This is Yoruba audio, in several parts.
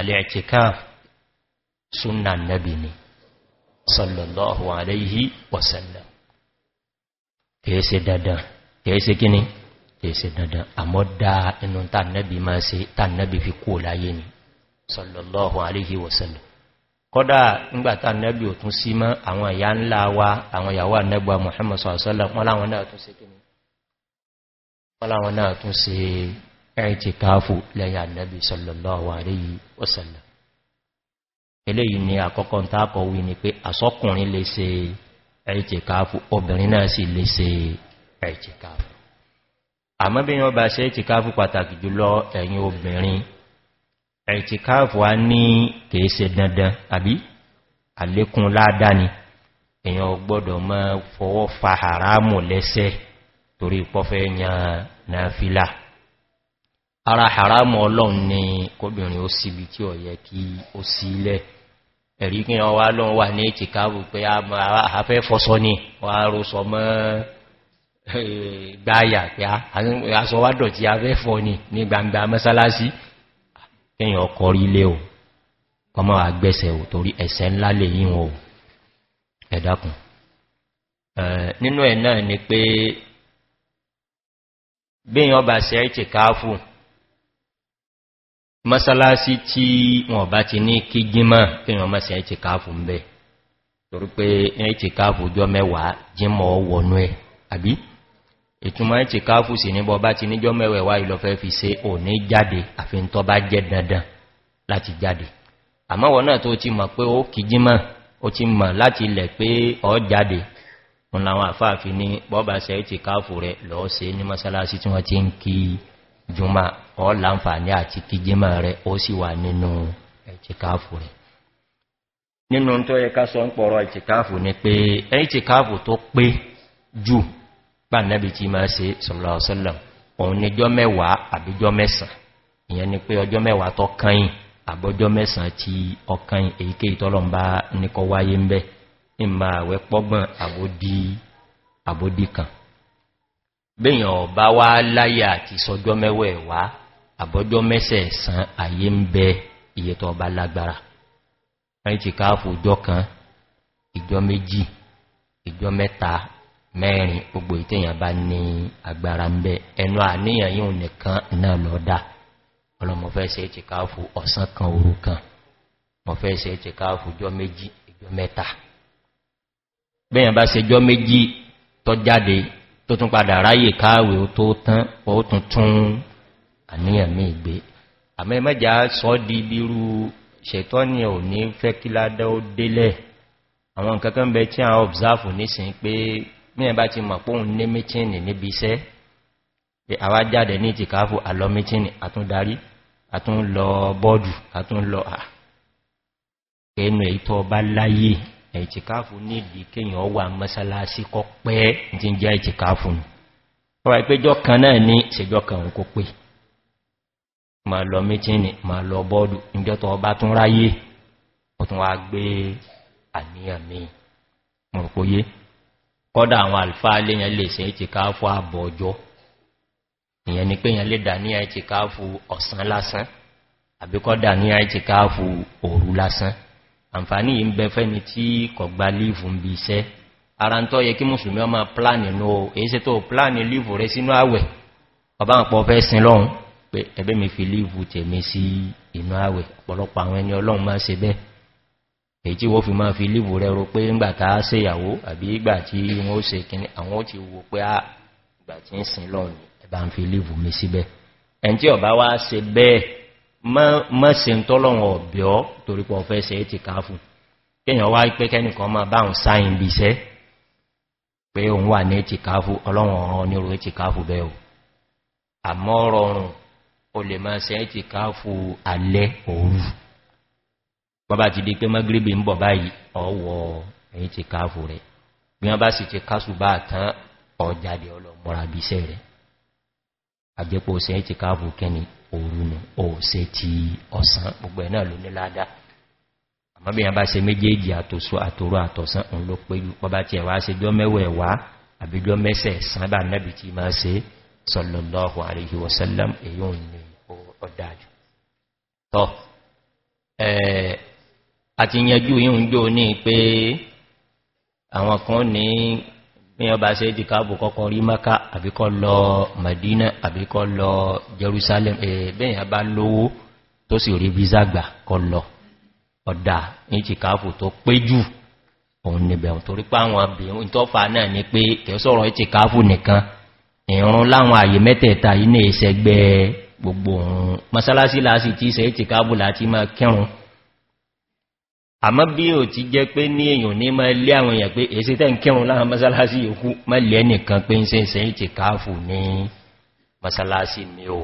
alẹ́ẹ̀tíkáf súnà nẹ́bì ni sallallahu alayhi wasallam kìí se dandan kìí se kíni kìí se dandan àmọ́ dáa inú ta nẹ́bì máa se ta nẹ́bì fi kó láyé ni sallallahu alayhi wasallam kọ́dá ńgbàtà nẹ́bì ò tún sí mọ́ àwọn ìyá ńlá wa àwọn ìyàwó nẹ́bà muhammad sallallahu alayhi wasallam wọ́n láwọn náà tún se ẹ̀tìkáfù lẹ́yà nẹ́bí sọ̀lọ̀lọ́wà àríyí ọ̀sẹ̀lẹ̀ eléyìí ni àkọ́kọ́ tákọ̀wí ni pé àsọ́kùnrin lè ṣe ẹ̀tìkáfù obìnrin náà sì lè ṣe ẹ̀tìkáfù àmọ́ bí wọ́n bá ṣe ẹ̀tìkáfù pàtàkì jùlọ ẹ̀yìn obìnrin ẹ̀tìkáfù a ní kìí ṣe dandan àbí àlékún ládá ni gbọ́dọ̀ mọ́ fọwọ́ fa haramu lẹ́sẹ̀ torí pọ́fẹ́ yan náà fílà ara haramu ọlọ́run ni kọbirin ó síbi tí ó yẹ kí ó sí ilẹ̀ ẹ̀rí kí wọ́n wá wà ní pé a fẹ́ fọ́sọ́ ní wà rò mọ́ gbáyà pé aṣọ wádọ̀ tí a fẹ́ fọ́ ní ní mẹ́sálásí kíyàn o kọmọ àgbẹ́sẹ̀ torí ẹ̀sẹ̀ ńlá lè o bí bá mọ́sálásí tí wọ́n bá ti ní kí jímọ̀ kí wọ́n mọ́sí ẹ̀ ti káàfù ń bẹ̀ torí pé ẹ̀ ti káàfù jọ mẹ́wàá jímọ̀ wọnú ẹ̀ àbí ìtumọ̀ ẹ̀ ti káàfù sí ní bọ́ bá ti níjọ́ mẹ́wẹ̀wá ìlọ́fẹ́ fi se ò ní jáde àfi ń tọ́ bá jẹ́ dandan láti jáde àmọ́ wọ́n náà tó ti mọ̀ pé ó kì jímọ̀ ọ àti kíjímà rẹ̀ ó sì wà nínú ẹ̀tìkáàfù rẹ̀ nínú tó yẹ ká sọ ń pọ̀rọ̀ ẹ̀tìkáàfù ni pé ẹ̀tìkáàfù tó pé jù bá tí máa ṣe sọ̀lọ̀ọ̀sọ́lọ̀m àbódí kan bẹ́yàn ọ̀bá wá láyé àti sọjọ́ mẹ́wẹ̀ẹ́ àbọ́jọ́ mẹ́sẹ̀ sàn àyè ń bẹ ìyẹ̀tọ̀ ọba lágbára ẹni ti káàfù ìjọ kan ìjọ méjì ìjọ mẹ́ta mẹ́rin gbogbo ìtẹ̀yàn bá ní agbára ń bẹ ẹnu àníyàn yíò nìkan náà lọ́dá ọlọ́mọ̀fẹ́ ṣe ti káàfù ọ̀sán kan òru kan mọ̀fẹ́ ṣe ti káàfù ìjọ méjì ìjọ mẹ́ta bẹ́yàn àníyàn mí gbé àmẹ́ mẹ́jà sọ di bírú ṣètọ́ni ò ní fẹ́ kí ládá ó délẹ̀ àwọn nǹkankan bẹ tí a observe nísìn pé mẹ́rin bá ti mọ̀ pòun ní mítíìnì níbi iṣẹ́ pé àwá jáde ní ìtìkáfù àlọ mítíìnì àtúndarí àtúnlọ bọ́ọ̀dù àtúnlọ ẹnu èyí tọ́ bá láyé ẹ̀tìkáfù níbi kéyàn wà mọ́sálásí kọ́ pẹ́ tí ń jẹ́ ẹ̀tìkáfù ní ọwà ìpéjọ́ kan náà ní ìṣèjọ́ kan òun kó pé ma lọ mítíni ma lọ bọ́ọ̀dù ìjọtọ̀ ọba tún ráyé ọ̀tún wa gbé àníyàmí mọ̀rọ̀kóyé kọ́dà àwọn alfa léyàn lè ṣe ti káàfù àbọ̀ ọjọ́ ìyẹn ni pé yẹn lè dàníyà ti káàfù ọ̀sán lásán àbí kọ́dà níyà ti káàfù òru lásán àǹfààní yìí ń bẹ fẹ́ni tí kọ̀gbá lífù ń bi iṣẹ́ ara ń tọ́ yẹ kí mùsùlùmí ọmọ pláàni nù ó èyí ṣe tó pláàni lífù rẹ sínú àwẹ̀ ọba fẹ́ sin lọ́hùn pé ẹbẹ́ mi fi líìvù tèmi sí inú àwẹ̀ ọ̀pọ̀lọpọ̀ àwọn ẹni ọlọ́run máa ṣe bẹ́ èyí tí wọ́n fi máa fi líìvù rẹ̀ ro pé ńgbà tá a ṣe ìyàwó àbí ìgbà tí wọ́n ó ṣe kíní àwọn ó ti wo pé á ìgbà tí ń sin lọ́run ẹ̀bá se ń tọ́lọ́run ọ̀bẹ̀ ọ́ torí pọ̀ fẹ́ ṣe é ti òun wà ní ti ọlọ́run ọ̀rọ̀ onírò ti bẹ́ẹ̀ o àmọ́ rọrùn o lè máa ṣe ẹ̀tì káàfù alẹ́ òru bọ́bá ti di pé mọ́gíríbì ń bọ̀ báyìí ọwọ́ ẹ̀yìn ti káàfù rẹ̀ bí wọ́n bá sì ti káàsù bá tán ọjáde ọlọ́mọ́ra bí iṣẹ́ rẹ̀ àjẹpọ̀ ṣe ẹ̀tì káàfù kẹni òru nù ó ṣe ti ọ̀sán èyí òun ni ọ̀dájú tọ́ àti yẹjú yíò ń jò ní pé àwọn kan ní míyàn bá ṣe dìkáàbù kọ́kọ́ rí maka àbíkọ́ lọ madina àbíkọ́ lọ jerusalem bẹ́yàn bá lówó tó sì rí visa gbà kọ lọ ọ̀dá ní tìkáàbù tó pé jù òun níbẹ̀ torí pé àwọn abìnrin tó fà náà ni pé kẹ́ sọ̀rọ̀ tìkáàbù nìkan ìrún láwọn àyè mẹ́tẹ̀ẹ̀ta yìí ní ìṣẹ́gbẹ́ gbogbo ọ̀run masalasi láti tí ṣe ti káàbù láti máa kẹrùn àmọ́ bí o ti jẹ́ pé ní èyàn ní máa lé àwọn èèyàn pé èsì tẹ́ ń kẹrùn láwọn masalasi yòókú máa lé ẹnìkan pé ń se ṣe ti káàfù ní masalasi ni o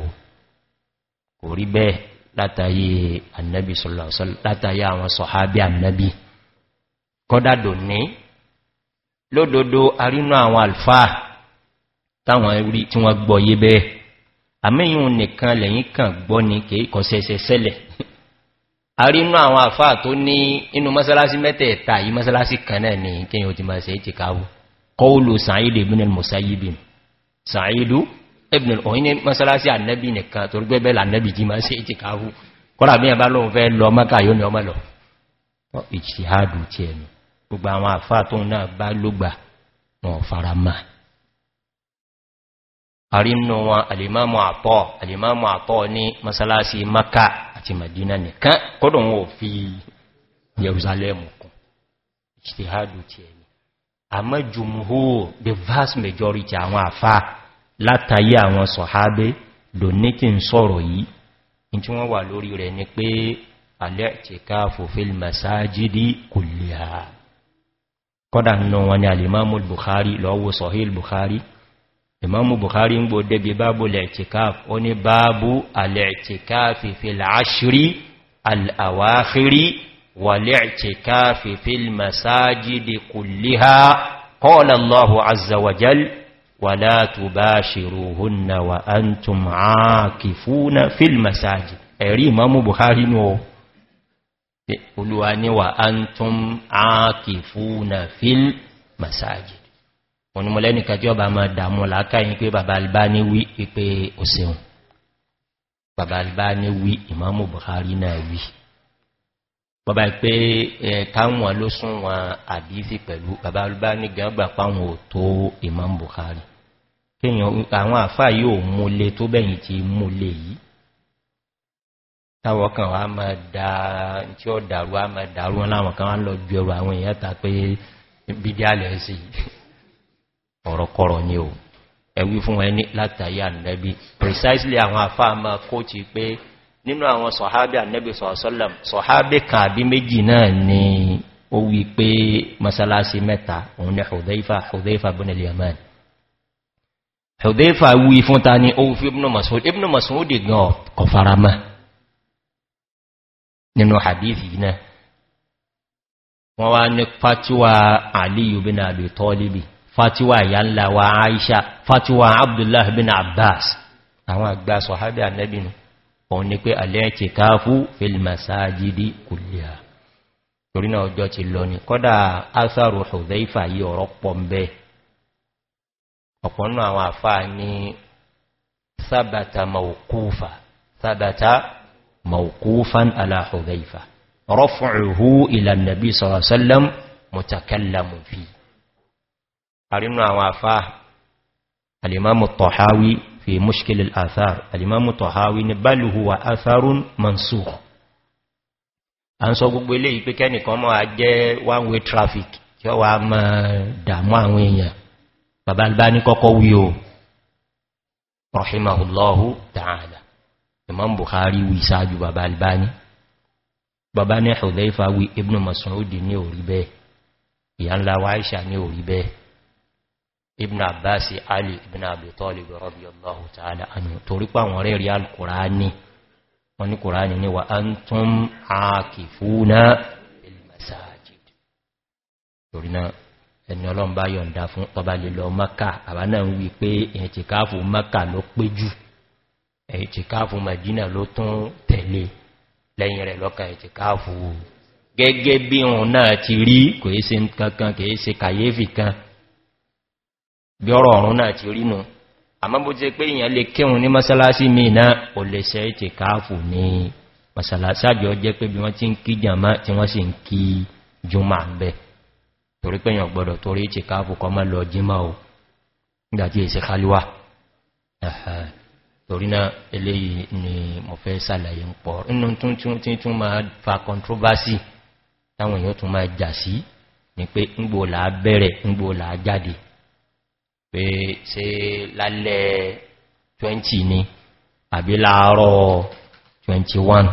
kò rí bẹ́ẹ̀ látàyé annabi sọ̀lọ̀sọ̀ látàyé àwọn sọ̀hábí annabi kọ́dàdò ní lódodo arínú àwọn alfáà táwọn rí tí wọ́n gbọ́ yé bẹ́ẹ̀ àmẹ́yìn nìkan lẹ̀yìn kan gbọ́ ní kọ̀sẹ̀ẹ̀sẹ̀ sẹ́lẹ̀ àrínú àwọn àfá tó ní inú mọ́sálásí mẹ́tẹ̀ẹ̀ta yí mọ́sálásí kan náà ní kíyàn ò ti máa ṣe é ti káwò kọ́wùlù sàáìdù ibn al-musayibi sàáìdù ibn al-oyin mọ́sálásí annabi nìkan tó gbé bẹ́ẹ̀ annabi jí fara máa àrínú wọn alìmáàmù àtọ́ alìmáàmù àtọ́ ní masalasi maka àti madina nìkan kọ́dọ̀ wọn ò fi yerusalemu kún ìṣtìhádù ti ẹni àmọ́ jùmúhù the vast majority àwọn àfá látàyí àwọn sọ̀hábé donate ń sọ̀rọ̀ yìí in tí wọ́n wà lórí rẹ̀ ni pé alẹ́ ti ká fòfil masájídí kò imamu buhari ń gbò débi báàbù lẹ́ẹ̀tìkáf ó ní báàbù alẹ́ẹ̀tìkáfì fìlàṣírí al'awáhírí wà lẹ́ẹ̀tìkáfì fìlmàsájídì kùlíhá kọ́lọ̀lọ́hù azawajal wà látù bá ṣìrùhúnna wà án tún áàkì fúnà fìlmàsájì ẹ̀rí imamu buhari ní o olúwa òní mo lẹ́nìkan tí ọba máa dàmú làákàyìn pé bàbá albá ní wí pípé òsèun bàbá albá ní wí ìmáàmù buhari náà wí bàbá pé káwọn ló sún wọn àdífì pẹ̀lú bàbá albá ní gàgbà páwọn ò tó ìmáàmù buhari kéèyàn àwọn àfáà yóò múlé tó bẹ̀yìn ọ̀rọ̀kọ̀rọ̀ ni o ẹwí fún ẹni látàrí ànẹ́bí precisely àwọn afáàmà kó ti pé nínú àwọn sọ̀hábí ànẹ́bí sọ̀sọ́lẹ̀m sọ̀hábí kàbí méjì náà ni ó wí pé masalasi mẹ́ta òun ni hudhaifa hudhaifa bunil yaman hudhaifa wí fún ta ni ó fi ibn masud ibn masud gan kọ̀ farama nínú hadithi náà wọ́n wá ní pàtíwà aliyu bin abi tọ́líbi fatiwa ìyànlá wa aisha fatiwa abdullahi bin abbas àwọn àgbà sọ̀hábí ànẹ́bìnú òun ni pé alẹ́ ti káfú filmasajidi kùlìyà torí náà ọjọ́ ti lọ ní kọ́dà asaru huzaifa yí ọ̀rọ̀ pọ̀ mbẹ́ ọ̀pọ̀nà àwọn àfà ní sábàtà maukufa sábàtà maukufan ala huzaifa rọ́fùrùhú àrínú àwọn àfá alìmọ́mù tọ̀háwí fi mushkilil athar alìmọ́mù tọ̀háwí ni bálùhù wa atharun mansur a ń sọ gbogbo ilé ìpé kẹ́nìkan mọ́ a jẹ́ one way traffic tí ó wà mọ́ dàmú àwọn èèyàn bàbá bá ní kọ́kọ́ wí o rahimahullahu ta'ala imam buhari wí sáájú bàbá albani bàbá ní hudhaifa wí ibn mas'ud ní orí bẹ́ẹ̀ ìyá ńlá ní orí bẹ́ẹ̀ ibn abbas ali ibn abi talib radiyallahu ta'ala anhu torí pa wọ́n re ri alqurani wọ́n ní qurani ni wa antum akifuna bil masajid torí náà ẹni Ọlọ́run bá yọ̀ǹda fún tó bá lè lọ makkah aba náà wí pé en ti kafu makkah ló péjú en ti kafu madina ló tún tẹ̀lé lẹ́yìn rẹ̀ lọ́kàn en ti kafu gẹ́gẹ́ bí wọ́n náà ti rí kò ṣe nǹkan kan kò ṣe kàyéfì kan bí ọrụ ọ̀run náà ti rí nù àmọ́ jẹ́ pé èèyàn lè kírun ní masalasi mi o ò lè ṣe ti káàfù ní masalasi àjọ jẹ́ pé bí wọ́n ti ń kí jàmá tí wọ́n sì ń kí jùmọ̀ àbẹ̀ torí pé èèyàn gbọ́dọ̀ torí na káàfù kọ mọ́ lọ jímọ̀ o nígbàtí èsì ni ni pé ṣe lálẹ́ 20 ni àbí láàárọ̀ 21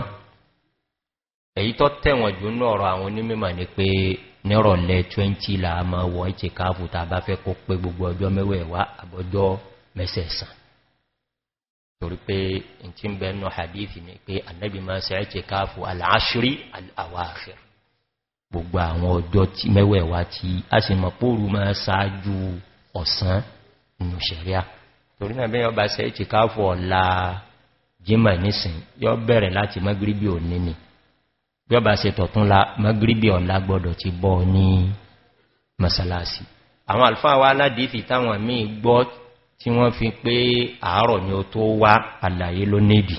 èyí tó tẹ̀wọ̀n jù ní ọ̀rọ̀ àwọn onímọ̀ ni pé nírọ̀lẹ́ 20 là á máa wọ ìtì káàbù tàbá fẹ́ kó pé gbogbo ọjọ́ mẹ́wẹ̀ẹ́wà àbọ́jọ́ mẹ́sẹ̀sàn torí pé in ti ń bẹnu hadithi ni pé annabi ma ṣe ẹ́kẹ́ káàfù al'ashiri al'awáfẹ́ gbogbo àwọn ọjọ́ mẹ́wẹ̀ẹ́wà tí a sì mọ̀ pòrù ma ṣáájú ọ̀sán inú ṣẹ̀ríà torí náà bẹ́yàn bá ṣe ìtìkáfù ọ̀la jímọ̀ nísìn yọ bẹ̀rẹ̀ láti magribi òní ni yọ bá ṣe tọ̀tún la magribi ọ̀la gbọ́dọ̀ ti bọ́ ní masalasi àwọn alfáà wá aládìífì táwọn míì gbọ́ tí wọ́n fi pé àárọ̀ ni ó tó wá àlàyé ló níbi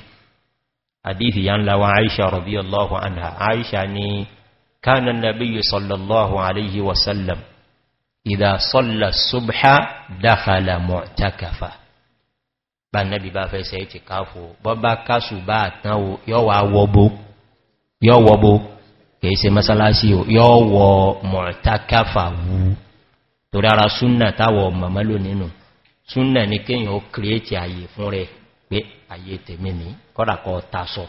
àdífì ya ńlá wa aisha rọ̀bí allahu anha aisha ni kánà nàbíyù sallallahu alaihi wasallam ìdá sọ́lá ṣubhá dákàlà mọ̀ takafa bá nẹ́bí bá fẹ́ sẹ́ ti káfò bọ́ bá kásù bá àtán o yọ́wà wọ́bó kìí se masalasi o yọ́wọ mọ̀ takafa wú tó dára súnnà táwọ̀ mọ̀mọ́lò nínú súnnà ní kíyàn ó kìrìtì àyè fún rẹ̀ pé àyè tèmi ní kọ́dàkọ́ tasọ̀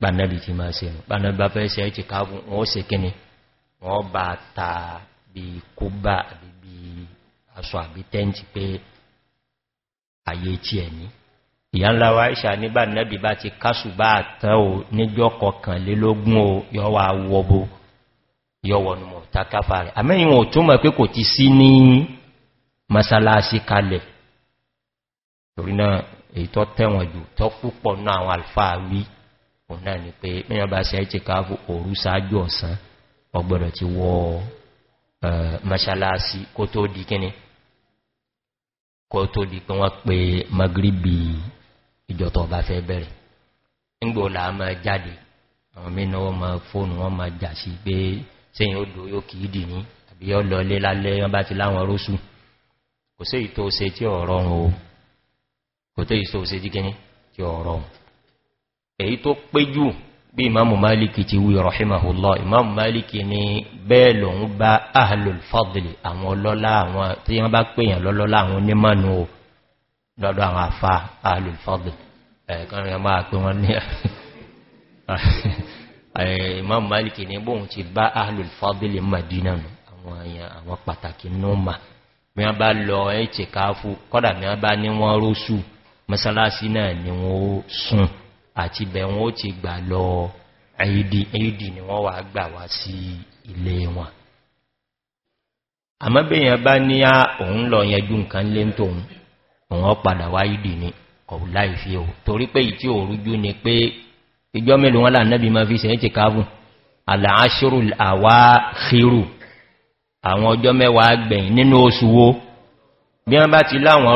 bá nẹ́bí ti máa se bá nẹ́bí bá fẹ́ sẹ́ ti káfò wọ́n se kíni wọ́n bá ta bí kúbà àbí bí aṣọ àbí tẹ́ntì pé ayé tí ẹ̀ ní ìyá ńlá wa ìṣà nígbà nẹ́bì bá ti kásù bá tán o níjọ́ kọkànlélógún o yọ wa wọbo yọ wọnù mọ̀ takáfà rẹ̀ àmẹ́yìn wọn ò túnmọ̀ pé kò ti sí ní masalasi kalẹ̀ torí èyí tó Eh, mọ́ṣálásí kó tó di kíni kó tó di pé wọ́n pe magribi ìjọtọ̀ ọba fẹ́ bẹ̀rẹ̀ ńgbò là mọ́ jáde àwọn mínú wọ́n mọ́ fóònù wọ́n mọ́ jà sí pé sẹ́yìn ó dò yóò kìí dì ní àbí yọ́ lọ lé lálẹ́ wọ́n bá ti láwọn rósù kò sí o kò tó ìtò èyí tó bí imamu maliki ti wí rahimahullah imamu maliki ni bẹ́ẹ̀ lòun bá ahlul fadli àwọn ọlọ́lá àwọn tí wọ́n bá pèèyàn lọ́lọ́lá àwọn onímọ̀nù o lọ́dọ̀ àwọn afá ahlul fadli ẹ̀kan rẹ̀ máa pè wọ́n ní imamu maliki ni bóhun ti bá ahlul fadli madina àwọn pàtàkì nọ́mà mi bá lọ ẹ̀ẹ́tì àti bẹ̀ wọn ó ti gbà lọ ẹ̀yìdì ni wọ́n wà gbà wá sí ilé wọn àmọ́bẹ̀yàn bá ní à òun lọ yẹjú nǹkan lé tóun òun padà wá ìdì ni ọ̀wù láìfí o torí pé ìtí òrújú ni pé ìjọ́ mélòó wọn lànàbí ma fi sẹ́yìn ti káàbùn àlàáṣírù àwá hírù àwọn ọjọ́ mẹ́wàá gbẹ̀yìn nínú oṣù wo bí wọ́n bá ti láwọn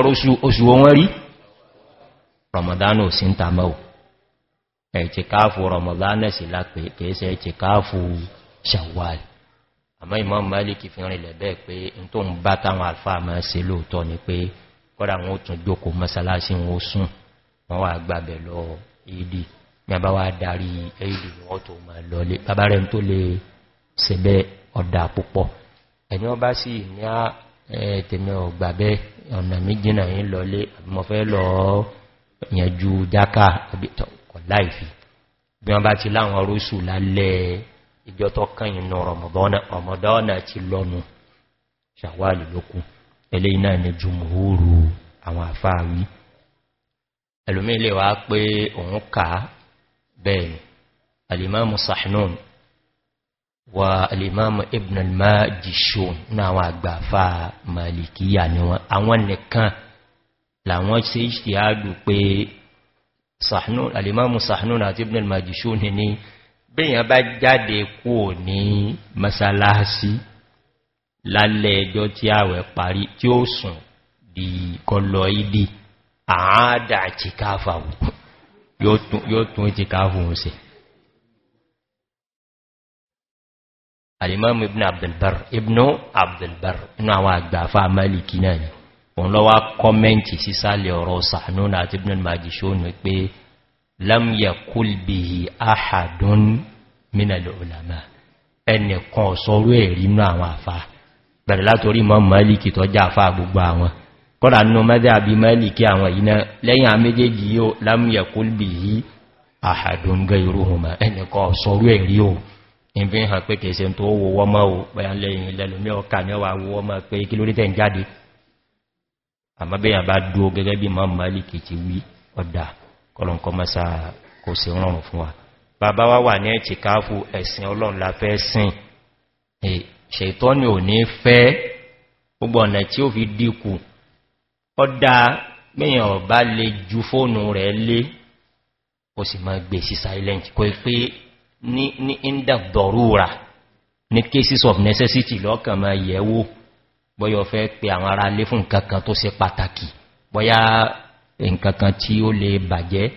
oṣù wọn rí ramadan ò sí ń tàmọ́ ẹ̀tìkáàfù rọmọdánẹ̀sì lápẹ̀ kẹsẹ̀ ẹ̀tìkáàfù ṣàwàlì àmọ́ ìmọ́ málìkì fi rìnlẹ̀ bẹ́ẹ̀ pé in tó ń bá táwọn alfáà máa se lóòtọ́ ni pé kọ́dà wọn ó tún jókòó mọ́sálásí wọn ó sùn wọ́n wà gbàbẹ̀ lọ èdè yàbá wá darí èdè wọ́n tó máa lọlé bàbá rẹ̀ tó lè sẹ̀bẹ̀ ọ̀dà yẹn ju jákà àbítọ̀ láìfi bí wọ́n bá ti láwọn rúsù lálẹ́ ìjọ tó kàn inú ọmọdọ́nà ọmọdọ́nà ti lọ́nu ṣàwálì lókún ẹlé iná ni jùmòhúrù àwọn àfáàwí ẹlùmí ilé wá pé òun ká bẹ́ẹ̀ alìmọ́mù sahnun wa alìmọ́mù ibn al-majishun ní àwọn àgbàfà malikiya ni wọn àwọn nìkan làwọn ṣe ìṣẹ́ alìmọ́mù sahnun àti ibn al-majishun ni bíyàn bá jáde kú ní masalasi lálẹ́ ẹjọ́ tí àwẹ̀ parí tí ó sùn di kọlọ ìdí àádà chikafa yóò tún chikafa ń se alìmọ́mù ibn abdulbar ibn inú àwọn àgbàfà maliki náà òun lọ́wọ́ kọ́mẹ́ntì sísàlẹ̀ ọ̀rọ̀ sàánúnà àti ibn al-majishonu pé lámyẹ̀ kúlbìhì áhàdún mínàlẹ̀ òlàmà ẹnìkan sọ́rọ̀ èrí inú àwọn àfà bẹ̀rẹ̀ látorí mọ́ mọ́lìkì tó já àfà gbogbo àwọn kọ́dà nínú mẹ́dẹ́ àbí mọ́lìkì àwọn iná lẹ́yìn àméjèèjì yóò lámyẹ̀ kúlbìhì áhàdún gẹ́ irúhùnmọ́ ẹnìkan sọ́rọ̀ èrí o ìbí hàn pé kèsè tó wọ́wọ́ mọ́ o bẹ́yàn lẹ́yìn lẹ́lùmí ọkà àmọ́ bẹ́yàn bá dúó gẹ́gẹ́ bí ma mọ́lìkì ti wí ọ̀dà kọlọ̀nkọ́ mọ́sá kò sí rọrùn fún wa bàbá wá wà ní ẹ̀tì káfù ẹ̀sìn ọlọ́run la fẹ́ sìn ṣètọ́ni ò ní fẹ́ gbogbo ọ̀nà tí ó fi dínkù ọ̀dà bẹ́yàn ọ̀bá lè ju fóònù silent kò pé ní ní indab dọ̀rúra cases of necessity lọ́kàn máa yẹ̀wò bọ́yọ̀ fẹ́ pé àwọn ará lé fún nǹkankan tó se pàtàkì bọ́yá nǹkankan tí ó lè bàjẹ́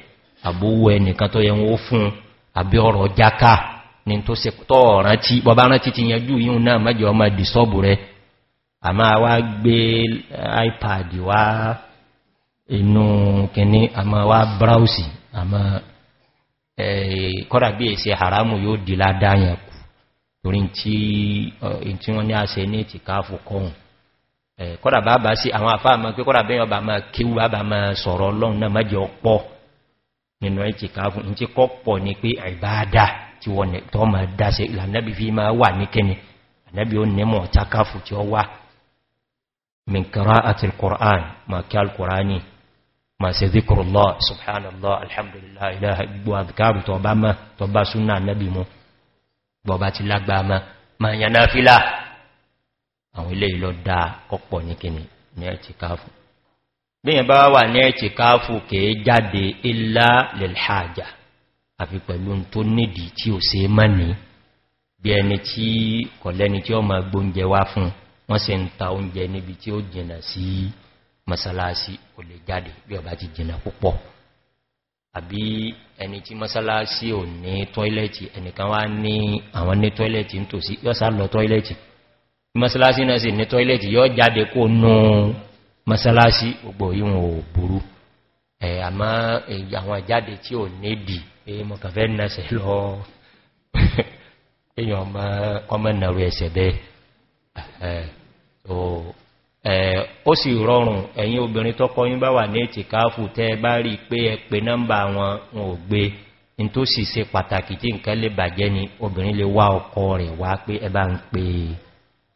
àbówó ẹnìkan tó yẹ wó fún àbí ọ̀rọ̀ jáká ní tó se tọ́ ọ̀rán tí bọ́bá rántí ti yanjú yíò náà mẹ́jọ ọmọ dìsọ́bù rẹ ipad wá inú kìíní àmá wá bráùsì àmá kọ́dà bí èsì haramu yóò dì ládáyàn kù torí tí wọ́n ní àṣẹ ní ìtìkáfù kọ́hùn kọ́dà bàbá sí àwọn àfáà máa pé kọ́dà bẹ́yàn bà máa kíwú bàbá máa sọ̀rọ̀ ọlọ́run náà májẹ ọpọ̀ nínú ẹ̀ tìká fún ní tí kọ́ pọ̀ ní pé àìbáadà tí wọ́n tọ́ máa dáṣẹ ìlànàbí fi máa wà ní kíni ànàbí ó nẹ́mọ̀ takáfù tí ó wà ma kí alkùránì subhanallah alhamdulillah ilaha gbogbo adhikaru tọba ma tọba súnà ànàbí mu gbọba ti lágbàá ma àwọn ilé ìlọ dáa kọ́pọ̀ ní kìnnì ní ẹ̀tì káfù bíyàn bá wà ní ẹ̀tì káfù kèé jáde ilá lèlhàjá àfi pẹ̀lú tó nídi tí ò se mọ́ ní bí ẹni tí kọ̀lẹ́ni tí ó ma gbóúnjẹ wá fún wọ́n se ń ta oúnjẹ níbi tí ó jìnà sí masalasi ò lè jáde bí ọba ti jìnà púpọ̀ àbí ẹni tí masalasi ò ní tọ́ílẹ̀tì ẹnìkan wá ní àwọn ní tọ́ílẹ̀tì ń tòsí yọ́sá lọ tọ́ílẹ̀tì masalasi náà sì ní toilet yóò jáde kó nú masalasi gbogbo yíwọn ò burú ẹ̀ àmá àwọn ìjáde tí ò nídi pé mọ́ kàfẹ́ nẹ́sẹ̀ lọ èyàn ọmọ nàrú ẹsẹ̀ bẹ́ẹ̀ ó sì rọrùn ẹ̀yìn obìnrin tọ́kọ́ yín bá wà ní ètìkáàfù tẹ́ bá rí pé ẹ pé nọ́mbà wọn wọn ò gbé in tó sì se pàtàkì tí nǹkan lè bàjẹ́ ni obìnrin lè wá ọkọ rẹ̀ wá pé ẹ bá ń pè é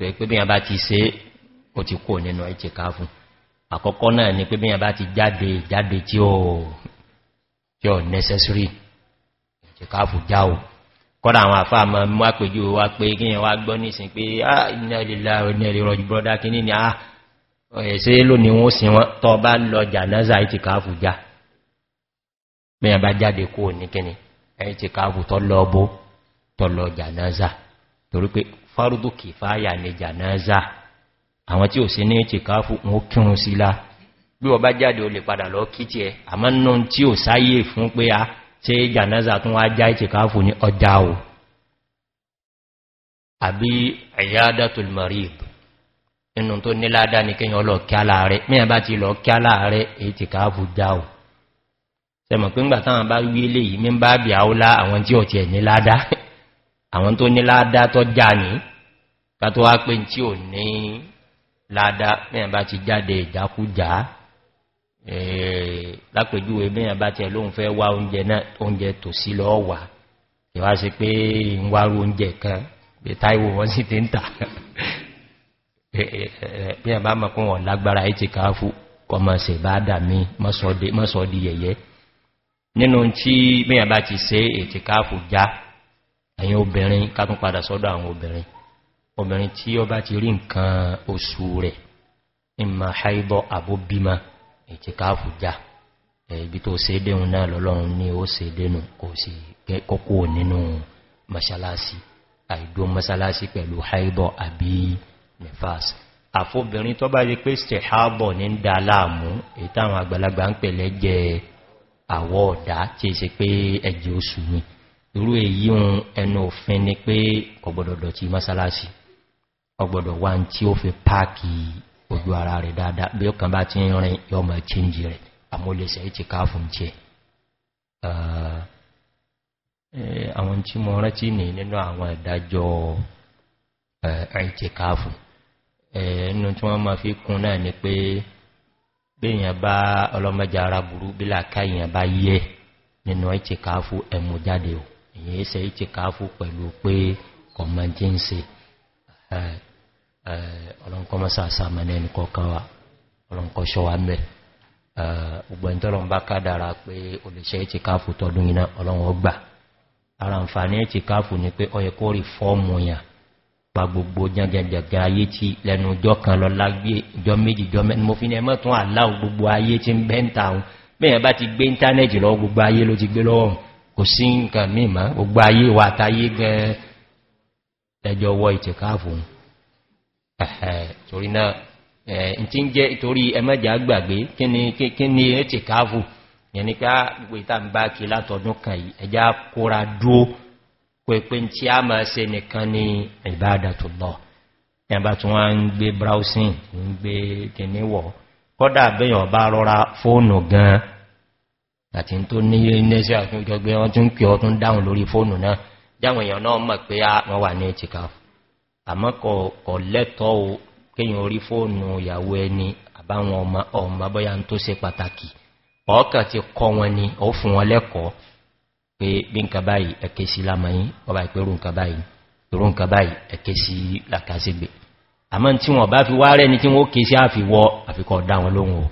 pé pé bíyàn bá ti ṣe ó ti kó nínú ẹ̀tì ká fún àkọ́kọ́ náà ni pé bíyàn bá ti jáde jáde tí ó tí necessary ẹ̀tì ká fún já o kọ́dà àwọn àfáà ma mú àpèjú wa pé kíyàn wá gbọ́ nísìn ah ìnẹ́lélá ìnẹ́lérọ̀ brọ́dá kìíní ni ah ẹ̀ṣẹ́ lónìí wọ́n sí wọn tọ́ bá lọ jànáza ẹ̀tì ká fún já bíyàn bá jáde kó ní pé fárúdó kìfáyà ní jànáza àwọn tí ò sí ní tìkáfù wọn kírun sílá bí wọ́n bá jáde o lè padà lọ kí tí ẹ àmọ́ nù tí ò sáyé fún pé a ah, ṣe jànáza tún wá já ìtìkáfù ní ọjà o àbí ẹ̀yádá tó lè mọ̀rí ìbù inú àwọn tó ní ládá tó já ní kàtó wá pé tí ò ní ládá mẹ́yàn bá ti jáde ìjákújá eh, lápèjúwe mẹ́yàn bá ti ẹlóhun fẹ́ wá oúnjẹ náà oúnjẹ tò sí lọ wà ìwá sí pé ń wárú oúnjẹ kan pé táíwò wọ́n sì ti ń tà mẹ́yàn eh, eh, bá mọ̀ kún wọn lágbára ẹ̀ ti káfú kọmọ sí bá dà mí mọ́sọ̀ọ́dí yẹ̀yẹ́ nínú tí ẹ̀yìn obìnrin kátún padà sọ́dọ̀ àwọn obìnrin obìnrin tí ó bá ti rí nǹkan oṣù rẹ̀ ìmọ̀ haibọ̀ àbóbímá ìtìkáàfù já ibi tó ṣe déhun náà lọ́lọ́run ní ó ṣe dénú kò sí kókó nínú masalasi àìdó masalasi pẹ̀lú haibọ̀ àbí nefas àfóbìnrin tó bá yí pé stehabọ̀ ní dá láàmú àgbàlagbà ń pẹ̀lẹ́ jẹ àwọ̀ ọ̀dá tí è ṣe pé ẹjẹ́ oṣù ni irú èyí ohun ẹnu òfin ni pé ọgbọ̀dọ̀dọ̀ ti mọ́sálásí ọgbọ̀dọ̀ wá ń tí ó fi páàkì ojú ara rẹ̀ dáadáa bí ọkàn bá ti rìn yọmọ chíńjì rẹ̀ àmúlẹ̀sẹ̀ ìtì káàfùn tí ẹ̀ àwọn tí mọ́ rántí ní nínú àwọn ìdájọ́ ìtì káàfùn ẹnu tí wọ́n ma fi kún náà ni pé bíyàn bá ọlọ́mọjà ara burú bí làkáyìn bá yẹ nínú ìtì káàfù ẹmú jáde o ìyẹn ṣe ìtì káfú pẹ̀lú pé kọmọ tí ń se ọlọ́nkọ́ mọ́sá sàmọ́nà ẹni kọ̀ọ̀kan wa ọlọ́nkọ́ ṣọ́wà mẹ́ ọgbẹ̀ntọ́lọ́n bá kádàrà pé olùṣẹ́ ìtì káfú tọdún iná ọlọ́wọ́ gbà ara ǹfàní ìtì káfú ni pé ọyẹ kó rí fọ́ọ̀mù yàn pa gbogbo jẹgẹjẹgẹ ayé tí lẹ́nu ọjọ́ kan lọ lágbé ọjọ́ méjì ọjọ́ mẹ́rin mo fi ní ẹmọ́ tún àláwọ̀ gbogbo ayé tí ń bẹ́ńtà bẹ́ẹ̀ bá ti gbé íńtánẹ́ẹ̀tì lọ gbogbo ayé ló ti gbé lọ́wọ́ kò sí nǹkan mímọ̀ gbogbo ayé wà táyé gẹ́ ẹjọ́ wọ ìtẹ̀káàfù torí náà ẹ̀ tí ń jẹ́ ìtorí ẹmẹ́jà gbàgbé kí ni ìtẹ̀káàfù yẹni ká ah, gbogbo ìta ń bá kí látọdún kan yìí ẹjá kóra dúó pẹ̀pẹ́ tí a máa se nìkan ní tó lọ gbé browsing àti tó ní iléeṣẹ́ àtúnjọgbé wọ́n tún pè ọdún dáhùn lórí fóònù náà jáwọn èèyàn náà mọ̀ pé a ah, wọ́n wà ní ẹ̀tìkà àmọ́ kọ̀ lẹ́tọ́ o kéyàn orí fóònù ìyàwó ẹni àbáwọn ọmọ ọmọ bọ́yá tó ṣe pàtàkì ọ̀ọ́kà ti kọ́ wọn ni ó fún wọn lẹ́kọ̀ọ́ pé bí nǹkan báyìí ẹ̀kẹ́ sí lámọ́yín ọba ìpérú nǹkan báyìí ìrú nǹkan báyìí ẹ̀kẹ́ sí làkàṣègbè àmọ́ tí wọ́n bá fi wá rẹ́ni tí wọ́n ké sí àfiwọ́ àfikọ̀ dá wọn lóhun o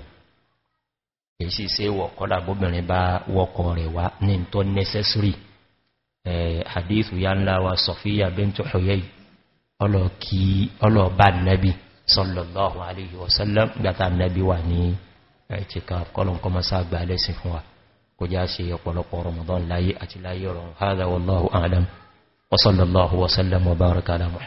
èyí sì ṣe wọ̀ kọ́dà bóbìnrin bá wọkọ̀ rẹ̀ wá ní tó necessary hadith ya ńlá wa sọfíyà bíntu ọ̀yẹ́ ọlọ́ọ̀bá nẹ́bí sọlọ̀lọ́hùn aléyìí wọ́sẹ́lẹ̀m gbàtà nẹ́bí wà ní ẹ̀tìkà kọlọ̀nkọmọ́sá gbà lẹ́sìn fún wa kò já ṣe ọ̀pọ̀lọpọ̀ ramadan láyé àti láyé ọ̀rọ̀